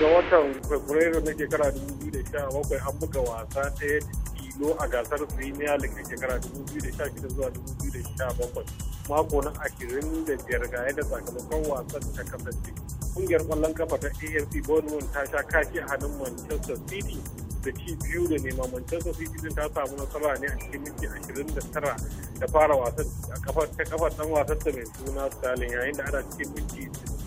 ga watan Fabrairu na shekara 2017 an buga wasa ɗaya tilo a gasar Premier League na shekara 2016 zuwa 2017 mako na 25 ga yadda sakamakon wasan ta kasance. Kungiyar kwallon kafa ta AFC Bournemouth ta sha kashi a hannun Manchester City da ci biyu da nema Manchester City ta samu nasara ne a cikin minti 29 da fara wasan a kafa ta wasan ta mai suna stalin yayin da ana cikin minti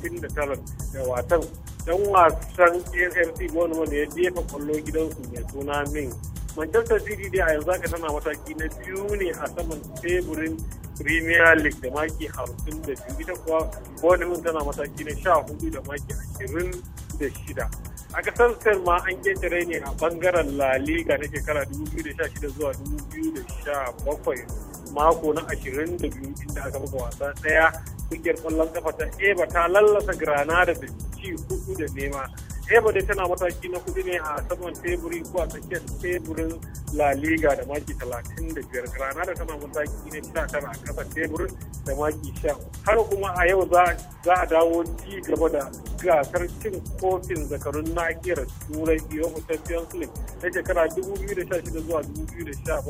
da wasan dan wasan AFC wani wani ya jefa kwallo gidansu mai suna min Manchester City dai a yanzu aka tana mataki na biyu ne a saman teburin Premier League da maki 52 ita kuwa mun tana mataki na 14 da maki 26 a kasar san ma an ketare ne a bangaren la liga na shekara 2016 zuwa 2017 mako na 22 inda aka buga wasa daya kungiyar kwallon kafa ta eba ta lallasa granada da ci hudu da nema eba dai tana mataki na hudu ne a saman teburi ko a tsakiyar teburin la liga da maki talatin da biyar granada tana mataki na sha tara a kasar teburin da maki sha har kuma a yau za a dawo ci gaba da gasar cin kofin zakarun nakiyar turai biyu champions league na shekara 2016 zuwa 2017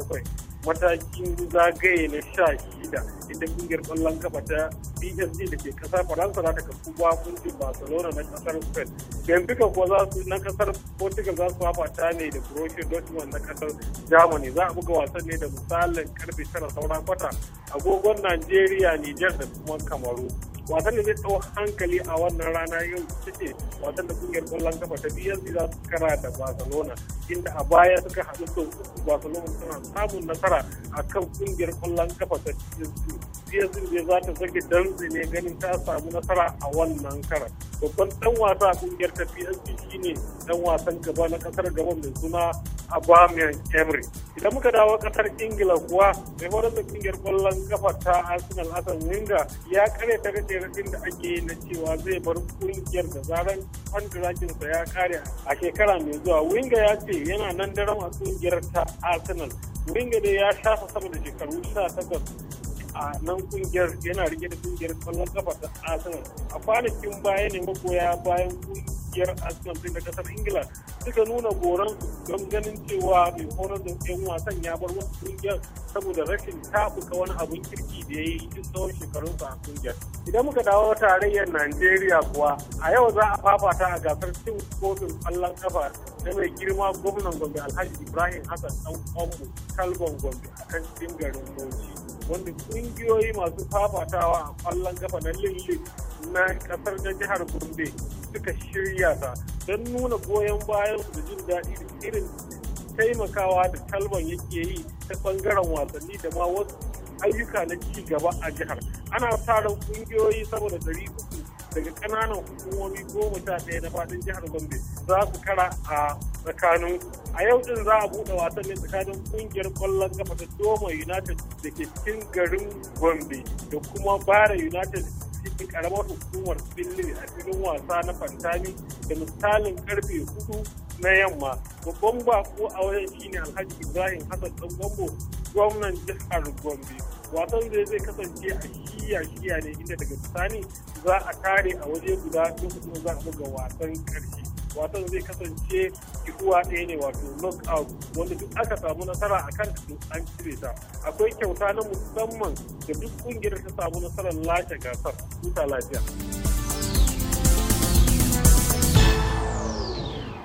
matakin zagaye na 16 inda kungiyar kwallon kafa ta psg da ke kasa faransa za ta kafu bakuncin barcelona na kasar spain benfica kuwa za su na kasar portugal za su ta ne da borussia dortmund na kasar germany za a buga wasan ne da misalin karfe tara sauran kwata agogon najeriya niger da kuma kamaru wasan da zai tsawo hankali a wannan rana yau ce wasan da kungiyar kwallon kafa ta biyar za su kara da barcelona inda a baya suka haɗu da barcelona suna samun nasara a kan kungiyar kwallon kafa ta biyar zai za ta zage danzi ne ganin ta samu nasara a wannan karar. babban dan wasa a kungiyar ta PSG shine dan wasan gaba na kasar gaban mai suna Aubameyang Emery idan muka dawo kasar Ingila kuwa mai horar da kungiyar kwallon kafa ta Arsenal Hassan Wenger ya kare ta rage da ake yi na cewa zai bar kungiyar da zaran sa ya kare a shekara mai zuwa Wenger ya ce yana nan daren a kungiyar ta Arsenal Wenger dai ya shafa sama da shekaru 18 a nan kungiyar yana rike da kungiyar kwallon kafa ta Arsenal a kwanakin baya ne magoya bayan kungiyar kungiyar Arsenal din da kasar Ingila suka nuna goron don ganin cewa mai horar da yan wasan ya bar wasu kungiyar saboda rashin tafuka wani abun kirki da ya yi duk tsawon shekarun sa a kungiyar. Idan muka dawo tarayyar Najeriya kuwa a yau za a fafata a gasar cin kofin kwallon kafa da mai girma gwamnan Gombe Alhaji Ibrahim Hassan dan Kwambo Kalgon Gombe a kan cikin garin Bauchi. wanda kungiyoyi masu fafatawa a kwallon kafa na lille na kasar na jihar gombe suka shirya ta don nuna goyon bayan su da jin daɗi da irin taimakawa da talban yake yi ta ɓangaren wasanni da ma wasu ayyuka na ci gaba a jihar ana sa ran ƙungiyoyi saboda ɗari uku daga ƙananan hukumomi goma sha ɗaya na faɗin jihar gombe za su kara a tsakanin a yau din za a buɗe wasan ne tsakanin ƙungiyar ƙwallon kafa ta doma united da ke cikin garin gombe da kuma bara united karamar hukumar Billiri a filin wasa na Fantami da misalin karfe hudu na yamma. Babban bako a wajen shine Alhaji Ibrahim Hassan Dan Gombo gwamnan jihar Gombe. Wasan zai zai kasance a shiya-shiya ne inda daga bisani za a kare a waje guda lokacin za a buga wasan karshe. Wasan zai kasance kihuwa ɗaya ne wato out wanda duk aka samu nasara a kan su an cire ta akwai kyauta na musamman da duk kungiyar ta samu nasarar lashe gasar tuta lafiya.